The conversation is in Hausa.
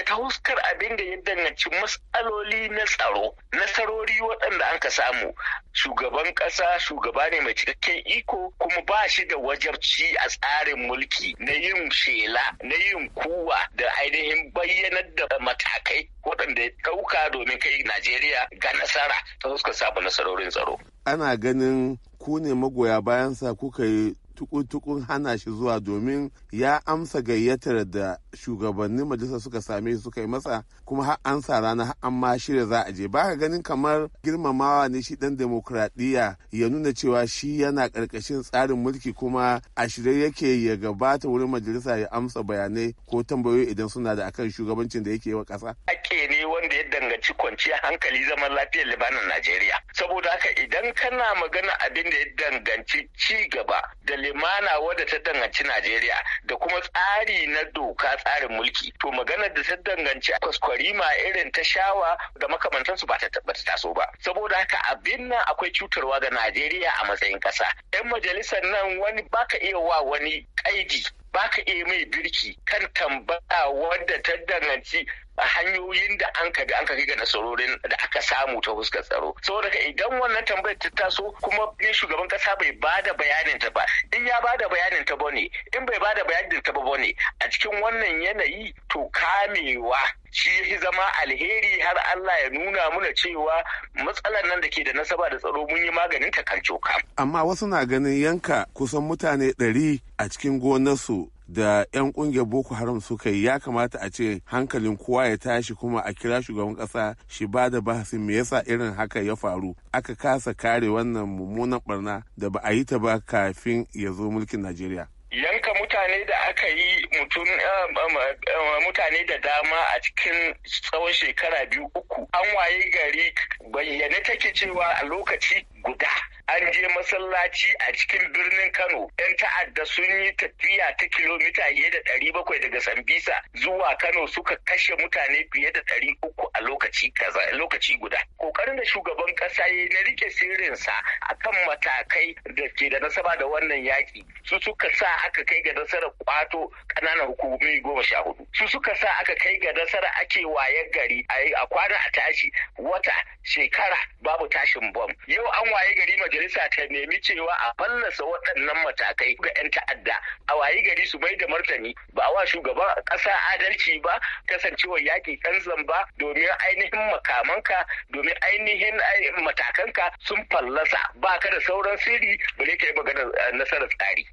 aka ta huskar abin da ya danganci matsaloli na tsaro nasarori waɗanda an ka samu shugaban ƙasa shugaba ne mai cikakken iko kuma ba shi da wajarci a tsarin mulki na yin shela na yin kuwa da ainihin bayyanar da matakai waɗanda ya ɗauka domin kai najeriya ga nasara ta huskar sabon nasarorin tsaro ana ganin ku ne magoya bayansa kuka yi tukutukun hana shi zuwa domin ya amsa gayyatar da shugabannin majalisa suka same shi suka yi masa kuma har an sa rana har an ma shirya za a je ba ka ganin kamar girmamawa ne shi dan demokradiyya ya nuna cewa shi yana karkashin tsarin mulki kuma a shirye yake ya gabata wurin majalisa ya amsa bayanai ko tambayoyi idan suna da akan shugabancin da yake wa kasa wanda ya danganci kwanciyar hankali zaman lafiyar libanin najeriya saboda haka idan kana magana abin da ya danganci ci gaba da limana wadda ta danganci najeriya da kuma tsari na doka tsarin mulki to maganar da ta danganci kwaskwarima irin ta shawa da makamantansu ba ta taso ba saboda haka abin nan akwai cutarwa ga najeriya a matsayin kasa. 'yan majalisar nan wani baka iya wa wani kaidi baka iya mai birki kan tambaya wadda ta danganci A hanyoyin da an kabi an kai ga nasarorin da aka samu ta fuskar tsaro saboda ka idan wannan tambayar ta taso kuma ne shugaban kasa bai ba da bayanin ta ba in ya ba da bayanin ta bane in bai ba da bayanin ta ba bane a cikin wannan yanayi to kamewa shi ya zama alheri har Allah ya nuna muna cewa matsalar nan da ke da nasaba da tsaro mun yi maganin ta kan Amma wasu na ganin yanka kusan mutane ɗari a cikin gonarsu da 'yan kungiyar boko haram suka yi ya kamata a ce hankalin kowa ya tashi kuma a kira shugaban kasa shi ba da bahasin me yasa irin haka ya faru aka kasa kare wannan mummunan barna da ba a yi ta ba kafin ya zo mulkin najeriya duka mutane da aka yi um, um, um, mutane da dama a cikin tsawon shekara biyu uku an waye gari bayyane take cewa a lokaci guda an je masallaci a cikin birnin Kano. 'Yan ta'adda sun yi tafiya ta kilomita fiye da ɗari bakwai daga Sambisa zuwa Kano suka kashe mutane fiye da ɗari uku a lokaci guda. Kokarin da shugaban ƙasa ya na rike sirrinsa akan matakai da ke da nasaba da wannan yaƙi su suka sa aka kai ga nasarar kwato ƙananan hukumomi goma sha hudu su suka sa aka kai ga nasarar ake wayar gari a kwana a tashi wata shekara babu tashin bom yau an waye gari majalisa ta nemi cewa a fallasa waɗannan matakai ga 'yan ta'adda a waye gari su mai da martani ba wa shugaban ƙasa adalci ba kasancewar yaƙi ɗan ba domin ainihin makamanka domin ainihin matakanka sun fallasa ba ka da sauran sirri bare ka yi magana eh, nasarar tsari